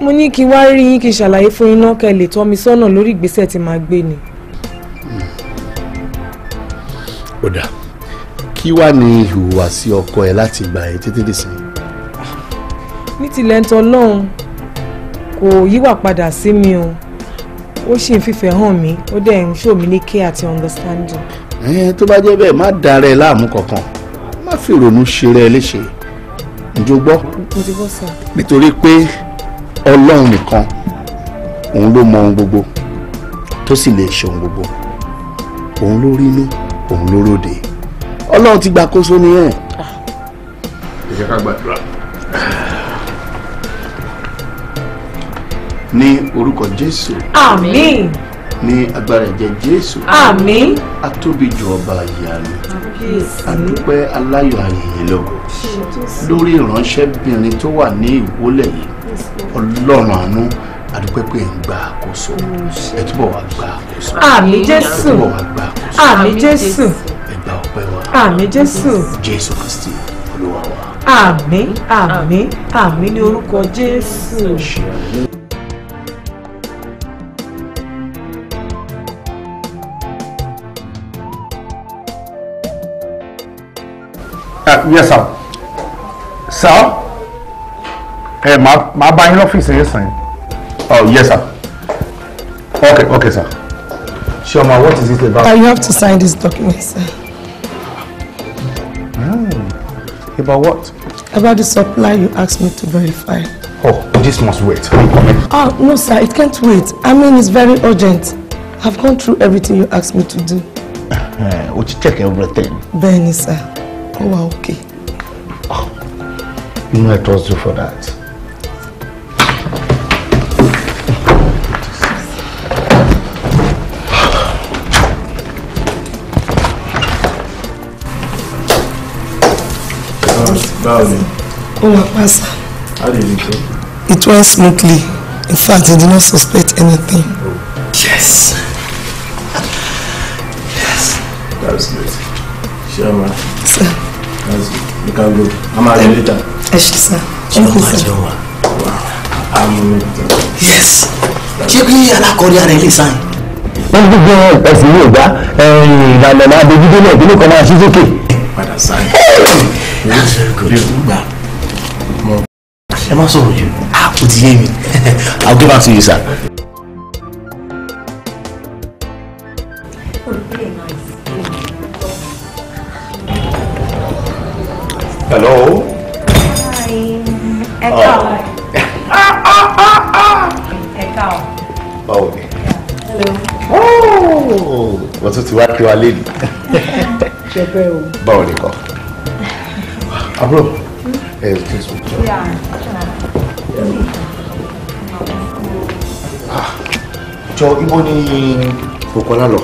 mo ní kí wá rí yín kí n ṣàlàyé fún yín náà kẹ́ lè tọ́ mi sọ́nà lórí ìgbésẹ̀ tí màá gbé ni. ó dà kí wàá ní ìhùwàsí ọkọ ẹ láti gbà ẹ títí dì sí. ní tilẹ̀ ń tọ́ lọ́hùn kò yíwà padà sí mi o ó sì ń fìfẹ́ hàn mí ó dẹ̀ ń ṣò ní care àti understanding. ẹ tó bá jẹ́ bẹ́ẹ̀ má dàrẹ́ láàmú kankan má fi ìrònú ṣeré ẹ léṣe ǹjẹ́ o gbọ́ nítorí pé ọlọ́run nìkan òun ló mọ ohun gbogbo tó sì lè ṣe ohun gbogbo òun ló rí inú òun ló ròde ọlọ́run ti gbàkóso nìyẹn. ẹ jẹ́ ní orúkọ jésù. àmín ní agbára ẹ̀jẹ̀ jésù. àmín. a tóbi ju ọba ìyanu. a dúpẹ́ aláyọ̀ ayẹyẹ lọ. lórí ìránṣẹ́bìnrin tó wà ní ìwólẹ̀ yìí ọlọ́run àánú adúpẹ́ pé ń gba àkóso oh, ẹ túbọ̀ wá gba àkóso. àmín jésù àmín jésù ẹ gba ọpẹ́ wa. àmín jésù jésù kristi olúwa wa. àmín àmín àmín ní orúkọ jésù. yes sir sir ẹ eh, máa bá yín lọ́fíìsì yín sìn oh yes sir okay okay sir Shoma what is it about. Uh, you have to sign this document sir. Hmm. about what. about the supply you asked me to verify. Oh, this must wait. Oh, no, sir, it can't wait. I mean, it's very urgent. I've gone through everything you asked me to do. Uh, we you check everything? Benny, sir ó okay. òkè. You know I trust you for that. Oh, my pastor. How did it go? It went smoothly. In fact, I did not suspect anything. Oh. Yes. yes. That was good. Sure, man. Sir. That's it. You can go. I'm out later. Ẹ ṣé sá. Thank you, sir. Yes. Ṣé bí alákọ̀ọ́rí ara ẹ lè sáyìn? Wọ́n gbogbo ẹ̀sìn yóò gbá ìlànà máa dojú délẹ̀ ìdílé kan máa ṣí sókè. Padà sáyìn. Ẹ má sọ̀rọ̀ jù. Ah, ó ti yé mi. I'll give back to you, sir. wa lẹ́nu. ṣẹpẹ o. báwo ni kọ. àbúrò ẹ excuse me. Ah, jọ ibo ni òkọlá lọ.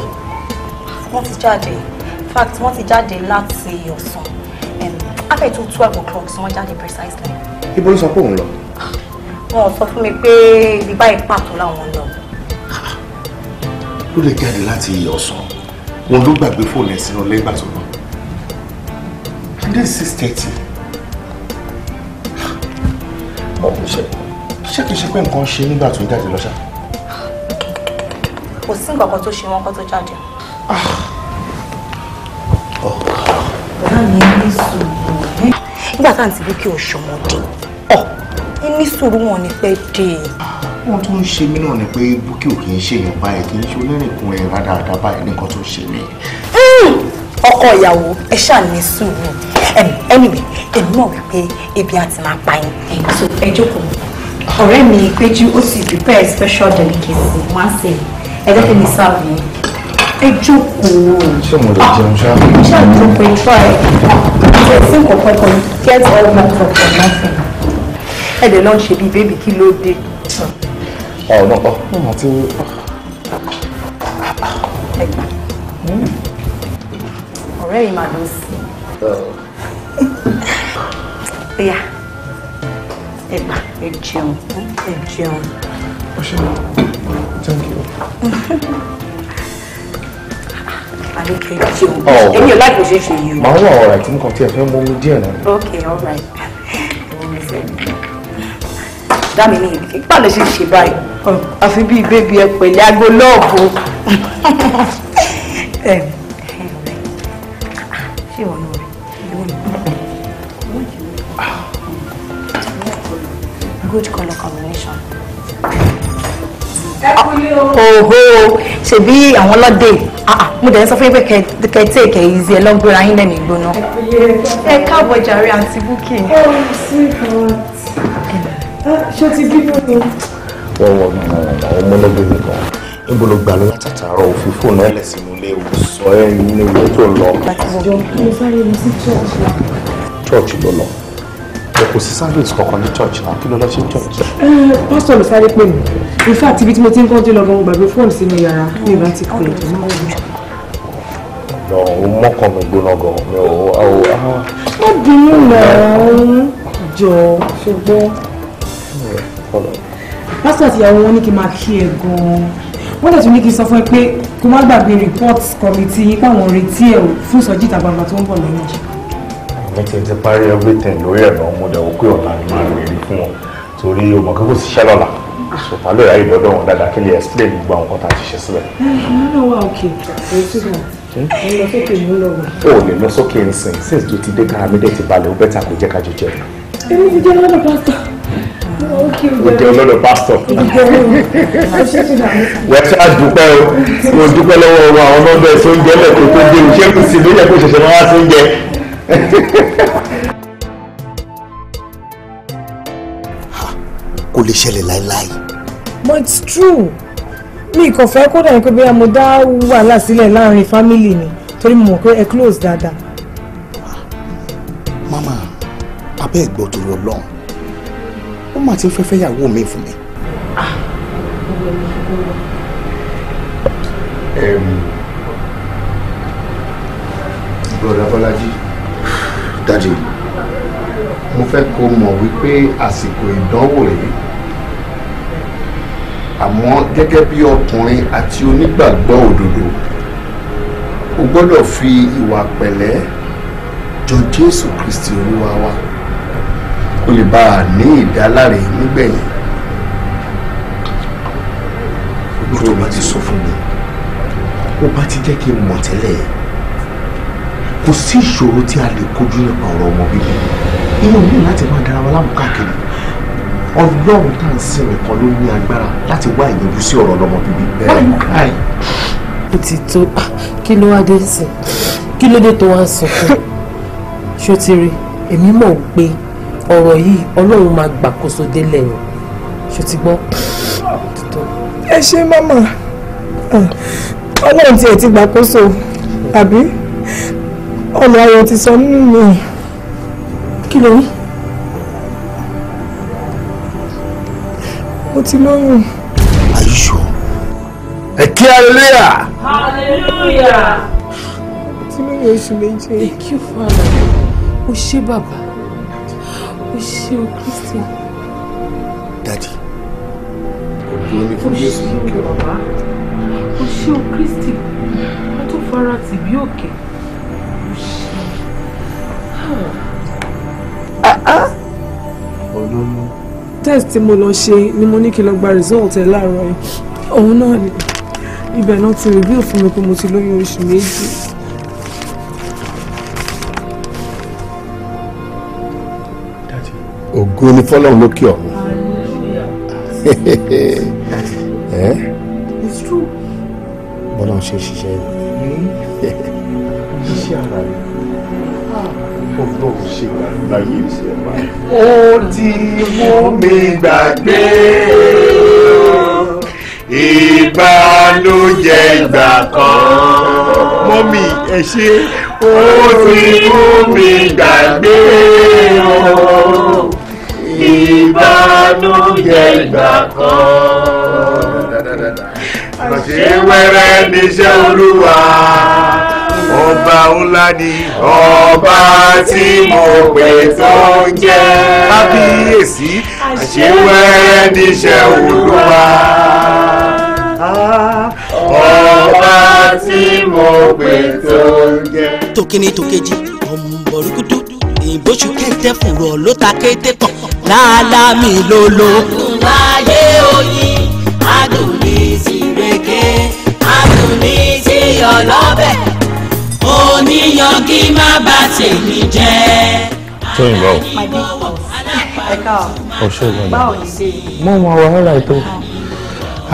wọ́n ti jáde in fact wọ́n ti jáde láti ọ̀sán um, after two twelve o'clock so wọ́n jáde precisely. ibo ló sọ pé òun lọ. wọn ò sọ fún mi pé ibi báyìí pàtó làwọn lọ. ló lè jáde láti ọ̀sán wọn ló gbàgbé fóònù ẹ̀ sínú lẹ́gbà tó lọ and then six thirty ṣé kìí ṣe pé nǹkan ṣe nígbà tó jáde lọ́ṣà. kò sí nǹkan kan tó ṣe wọn kan tó jáde. bàbá ah. mi ní sùúrù nígbà tá à ń ti bí kí o ṣọmọdé ẹ ní sùúrù wọn ni pẹ́ dé. Ah wọ́n tó ń ṣe mí náà ni pé Búkì ò kì í ṣe èèyàn báyìí kì í ṣe onírìnkùnrin rádaràda báyìí nìkan tó ń ṣe mí. Hmm! ọkọ ìyàwó ẹ ṣáà ní sùúrù anyway èmi náà wí pé ebi àti máa pa yín. so ẹ jókòó ọ̀rẹ́ mi péjú ó sì prepare special delicacy wọ́n á sè é ẹ jẹ́ kí mi serve yín ẹ jókòó. ṣé mo lè ah, jẹun ṣá. ṣé àjọ pé tọ́ ẹ ṣe sí nǹkan kan get all my talk nothing. ẹ lè lọ ṣe bíi bébì kí ló dé ọ̀nà ọ̀nà my ọ̀rẹ́ mi máa dùn sí i. Oh. ẹ gbà ẹ jẹun ẹ jẹun. ó ṣe mọ thank you. àlejò ẹ jẹun èmi ò láì kò ṣe é ṣe yìí o. màá wà ọ̀rọ̀ àti nǹkan tí ẹ fẹ́ all right dá ní ìdí ìgbà lè ṣe ṣe báyìí. àfi bíi bébí ẹ pẹ̀lẹ́ aago lọ́ọ̀bù. good colour combination. Oho ṣebí àwọn ọlọ́dẹ ah, ah, mo dẹ̀ ń sọ fún yín pé kẹtí èkẹ́ ìzí ẹ lọ́gbọ́ra yín lẹ́nu ìgbóná. Ẹ káàbọ̀ jàre àǹtí Búkì. Ó ń sí kan ṣé ti bínú ni. wọ́n wọ́n mọ̀ àwọn ọmọlẹ́gbé mi kan níbo ló gbà ló látàtàrọ̀ òfin fóònù ẹ̀ lẹ́sìn mú lé òsọ ẹ̀ nínú ìwé tó lọ. àtijọ́ mo sáré lọ sí church wa. church ló lọ ẹ kò sí service kankan ní church náà kí ló lọ sí church. pásítọ̀ ló sáré pè mí in fact ibi tí mo ti ń kọ́jú lọ́gbọ̀n gbàgbé fóònù sínú yàrá mi ìbá ti pè é náà lọ òun mọ́kàn mi gbóná gan mi ò. ó bínú náà jọ ṣùgbọ́n pásítọ̀ àtìyàwó wọn ní kí n máa kí ẹ gan-an wọ́n dẹ̀ tún ní kí n sọ fún ẹ pé kó má gbàgbé report committee yín káwọn retí ẹ o fún ìsọjí ìta gbangba tó ń bọ̀ lẹ́yìn. èmi ti ti parí everything lórí ẹ̀ náà mo dẹ̀wọ́ pé ọ̀la ni màá rí fún wọn torí ọmọ kókó ti ṣẹ́ lọ́la ṣùgbọ́n lóye ayé lọ́dọ̀ wọn dáadáa kí lè explain gbogbo àwọn kan tá a ti ṣe sílẹ̀. àwọn náà wà òkè èyí tó wà o lè lọ sókè nsìn since tó ti dé kára mi dé ti balẹ̀ ó bẹ́tà kó jẹ́ ká jẹjẹrẹ. èmi ti jẹ́ lọ́dọ̀ pásítọ̀ òkè olódò pásítọ̀ wẹ́tí àdúpẹ́ o mo dúpẹ́ lọ́wọ́ ọwọ́ àwọn ọmọdé tó ń jẹ́ lẹ́kọ̀ọ́ tó dé iṣẹ́ kù sí lóyè kó ṣẹ̀ṣẹ̀ máa tó ń jẹ. kò lè ṣẹlẹ̀ láéláé. but it's true mi kò fẹ́ kó dàbí pé bóyá mo dá wàhálà sílẹ̀ láàrin fámìlì mi torí mo mọ̀ pé ẹ close dáadáa. mama abẹ́ ẹ̀gbọ́n tó lọ lọ́hùn mà ti ń fẹ́ fẹ́ yàwó mi fún mi. bọ̀dà bọ́lájí dájú mo fẹ́ kó mọ̀ wípé àsìkò ìdánwò rèé àmọ́ gẹ́gẹ́ bí ọkùnrin àti onígbàgbọ́ òdodo o gbọ́dọ̀ fi ìwà pẹ̀lẹ́ jọ Jésù Kristi Olúwa wa. wa. O lè bá a ní ìdáláre nígbẹ̀yìn. ojú tó bá ti sọ fún mi ó bá ti jẹ́ kí n mọ̀ tẹ́lẹ̀ kò sí ìṣòro tí a lè kojú nípa ọ̀rọ̀ ọmọ bíbí ìyẹn ò ní láti máa dára wa láàmú káàkiri ọlọ́run tá à ń sìn nìkan ló ní agbára láti wá ìyanjú sí ọ̀rọ̀ ọlọ́mọ bíbí bẹ́ẹ̀ ló ká ẹ̀. ó ti tó kí ló wá dé sí kí ló dé tó wá sọ fún ṣó ti rí èmi mọ̀ pé ọ̀rọ̀ yìí ọlọ́run máa gbàkóso délẹ̀ ni ṣó ti gbọ́. ẹ ṣe mọ́mọ́ ọlọ́run tiẹ̀ ti gbàkóso àbí ọ̀nà ayọ̀ ti sọ nínú mi kí ló rí. mo ti lóyún. àyíṣọ ẹ kí aleluya. hallelujah. mo ti lóyún oṣù méje. thank you father o ṣé bàbá o ṣe o kristi. dadi ògo ni fún jésù lókè ọ̀run. o ṣe o kristi wọ́n tún fara tì bí òkè o ṣe. ọlọ́run. test tí mo lọ ṣe ni mo ní kí n lọ gba result ẹ láàárọ̀ yìí òun náà ni ibẹ̀ náà ti reveal fún mi pé mo ti lóyún oṣù méjì. ògo ni fọlọ́run lókè ọ̀run. Eh? it's true. ṣe ṣiṣẹ́ yìí. ṣiṣẹ́ ara rẹ̀ ọlọ́run ah. ṣe gbàgbà ṣe wá. ó ti mú mi gbàgbé ìbànújẹ́ ìgbà kan. mọ́mí ẹ ṣe. ó ti mú mi gbàgbé o ìbànújẹ́ ìgbà kan. Àṣé wẹ́rẹ́ níṣẹ́ olúwa, ọba ńlá ni ọba tí mo pè tó ń jẹ́. Kábíyèsí, àṣé wẹ́rẹ́ níṣẹ́ olúwa. Ọba tí mo pè tó ń jẹ́. Tòkìní tòkejì, ọ̀mùbọ̀rúkúdú, èyìnbó ṣù kẹ́tẹ́ fòrò ló ta kété kọ̀ọ̀kan lálámì lolo. àdùnmáyé oyin adùn ní tìrèké adùn ní tìyọ̀ lọ́bẹ̀ oníyan kí má bà tèmi jẹ́. tóyìn báwo. ẹ̀ka ọ̀ṣọ́ ìgbọ̀n báwo ni ṣe. mo mọ wàhálà ètò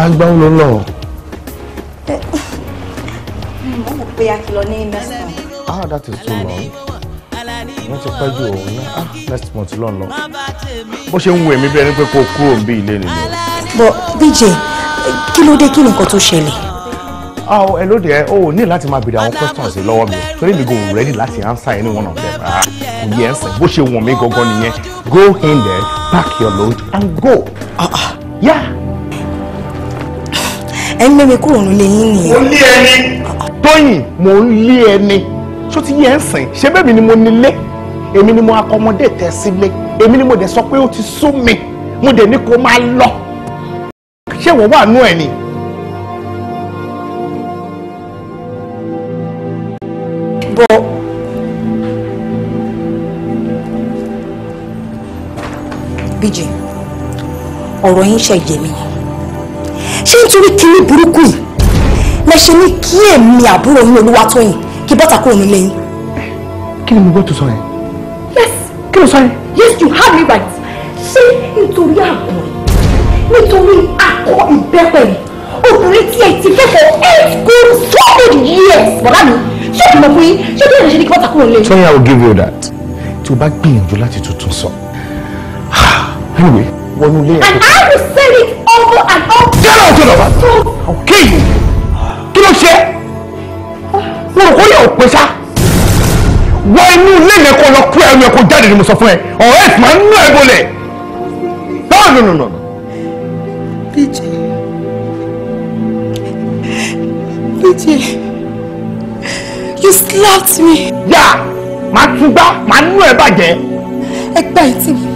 agbáwo ló lọ. mo mọ̀ pé a kìlọ̀ ní next month. ah that is too long wọ́n ti pẹ́ ju òun náà ah next month lọ́nà bó ṣe ń wo èmi bẹ́ẹ̀ ni pé kó kúrò ń bí ilé nínú. bọ bj kí ló dé kí ni nǹkan tó ṣẹlẹ̀. ọ ẹ lóde ẹ o ní láti máa béèrè àwọn questions yìí lọ́wọ́ mi torí mi gan ready láti answer any one of them ah kò yẹ ẹsẹ̀ bó ṣe wọ̀n mi gangan nìyẹn go in there pack your load and go. Ah, ah. ẹ ń mẹ́mi kúrò nílé yín nìyẹn. mo lé ẹni ah, tóyìn mo lé ẹni ṣó ti yẹ ẹsẹ̀ ṣé bẹ́ẹ̀ mi ni mo nílé èmi ni mo akọmọdé tẹ sílé èmi ni mo dẹ̀ sọ pé ó ti sú mi mo dẹ̀ ní kó máa lọ ṣé wọ́n wà nú ẹ̀ ni. bọ́ bíjì ọ̀rọ̀ yín ṣe yé mi ṣé nítorí kíní burúkú yìí lẹ ṣe ní kí èmi àbúrò yín olúwa tó yìn kí bọ́tà kúrò nílé yín. kí ni mo gbọ́ tó sọ yẹn yes kí yes you have me right ṣé nítorí àgbọ̀n nítorí akọ ìbẹ́pẹ̀ yìí obìnrin tí ẹ ti fẹ́ for eight good solid years bọ̀dá mi ṣé ìmọ̀ fún yín ṣé bí ẹ̀rọ ṣe ní kí wọ́n takúrò lé. Tóyìn I will give you that tí o bá gbìyànjú láti tuntun sọ anyway wọnú ilé yẹn. and I will say it over and over. get out of the house. okay kí ló ṣe mo rò kó yẹ òpin ṣá wọ inú ilé yẹn kó lọ kú ẹrù yẹn kó jáde ni mo sọ fún ẹ ọ̀rẹ́ ìfún máa ń nú ẹ bolẹ̀ báwo nù nù. bíjì bíjì you slapped me. yà máa tún gbá máa nú ẹ bàjẹ́. ẹ gbá etí mi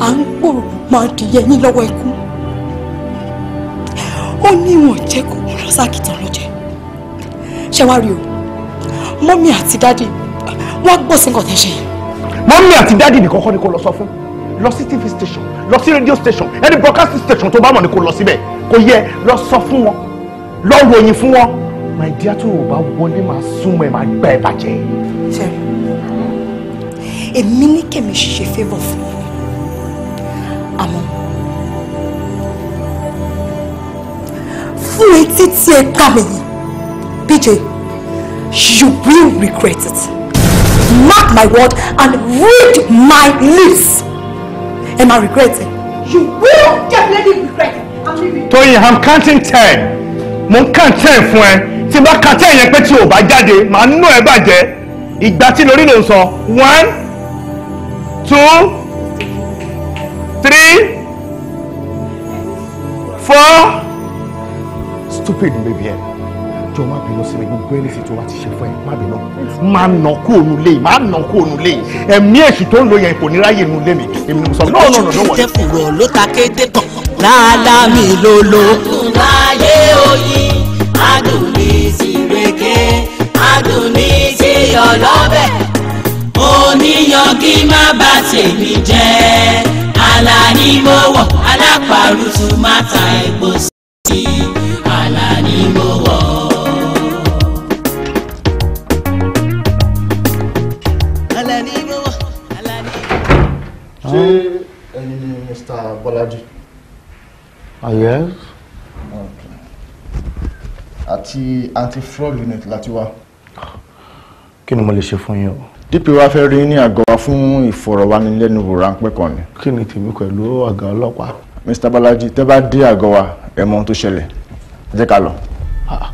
à ń gbòòrò máa dìyẹ yín lọ́wọ́ ikú ó ní ìwọ̀n jẹ́ kó lọ́sàkìtàn ló jẹ́ ṣé wàá rí o mọ́mí àti dáàdì wọ́n gbọ́ sí nǹkan tẹ́ ṣe. mọ́mí àti dáàdì nìkan kọ́ ni kò lọ sọ fún lọ sí tv station lọ sí radio station any broadcasting station tó bá mọ̀ ni kò lọ síbẹ̀ kò yẹ lọ sọ fún wọn lọ ròyìn fún wọn my dear tó o bá wọlé máa súnmọ́ ẹ máa gbá ẹ bàjẹ́. sẹ́ẹ̀ èmi ní kẹ̀mí ṣiṣẹ́ favour fún mi àmọ́ fún etí tí ẹ kà mí bíjẹ́ you will regret it. Mark my word and read my lips. Am I regretting? You will definitely regret it. I'm leaving. Toyin, I'm counting ten. Mo ń count ten fún ẹ. Tí n bá count ten yẹn pé tí o bá jáde, màá nù ẹ bàjẹ́. Ìgbà tí lórí ló sọ. One, two, three, four. Stupid baby jọ má bínú sí mi gbogbo ẹni sì tó wá ti ṣe fún ẹ má bínú má nà kó ònú lé má nà kó ònú lé ẹ̀mí èṣù tó ń lo yẹn kò ní ráyè nù lé mi èmi ni mo sọ no no no no wọlé. tẹkùrọ̀ ló ta kété kan láàlámì ló lo. láyé oyin adùn ní ìsìrèké adùn ní ìsìyọ̀ lọ́bẹ̀ oníyan kí má bà tèmi jẹ́ àlàní mo wọ̀ alápàrùtù má ta epo sí i. ṣé ẹni ni Mr. Bọ́lájí. ayẹ. Ah, àti anti fraud unit láti wá. kí ni mo lè ṣe fún yín o. DP wa fẹ́ rí ní àgọ́ wa fún ìfọ̀rọ̀wánilẹ́nuwò ráńpẹ́ kan ni. kí ni tèmi pẹ̀lú àgọ́ ọlọ́pàá. Mr. Bọ́lájí tẹ́ bá dé àgọ́ wa ẹ mọ ohun tó ṣẹlẹ̀ jẹ́ ká lọ. Ah,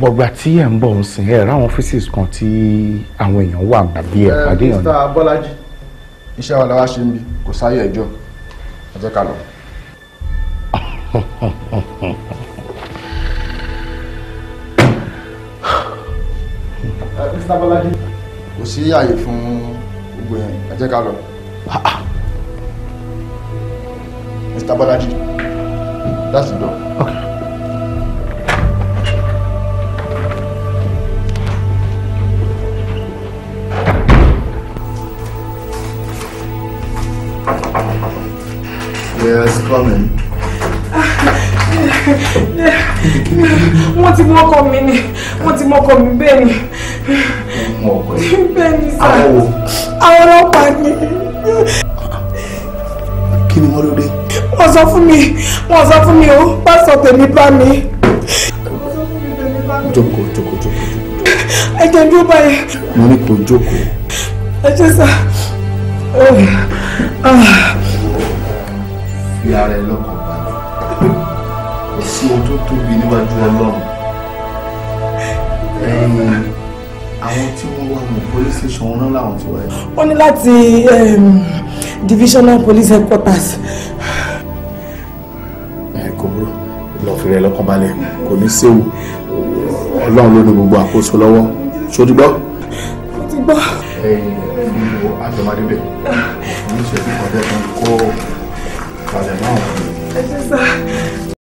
bọ̀gbà tí ẹ̀ ń bọ̀ ń sìn ẹ̀ ráwọn ọ́fíìsì kan tí àwọn èèyàn wà àbí ẹ̀ pàdé eh, yàn. Mr. Bọ́lájí iṣẹ́ wa làwa ṣe ń bi kò sáyé ẹjọ́ ẹ jẹ́ ká lọ. Eh, Mr. Bọ́lájí kò sí àyè fún gbogbo yẹn ẹ jẹ́ ká lọ. Mr. Bọ́lájí that's the door. Okay. coming. Wọ́n ti mọ́kọ mi ni, wọ́n ti mọ́kọ mi bẹ́ẹ̀ ni. Mọ̀ọ́kọ yìí. Bẹ́ẹ̀ ni sá. Àwọn wo? Àwọn ọlọ́pàá ni. Kí ni wọ́n ló dé? Wọ́n sọ fún mi, wọ́n sọ fún mi o, pásítọ̀ tèmi bá mi. Jókòó, jókòó, jókòó. Ẹ jẹ́ dúró báyìí. Mo ní kò jókòó. Ẹ jẹ́ sá fi ara ẹ lọ́kàn balẹ̀ kò sí ohun tó tóbi níwájú ọlọ́run àwọn tí wọ́n wà ní police station wọn náà làwọn ti wáyé. wọ́n ní láti divisional police headquarters. ẹ kò burú lọ fi rẹ lọ́kàn balẹ̀ kò ní séwu ọlọ́run ló ní gbogbo àkóso lọ́wọ́ ṣó ti gbọ́. mo ti gbọ́. ẹ ẹ fi wo àjọmọdé bẹ́ẹ̀.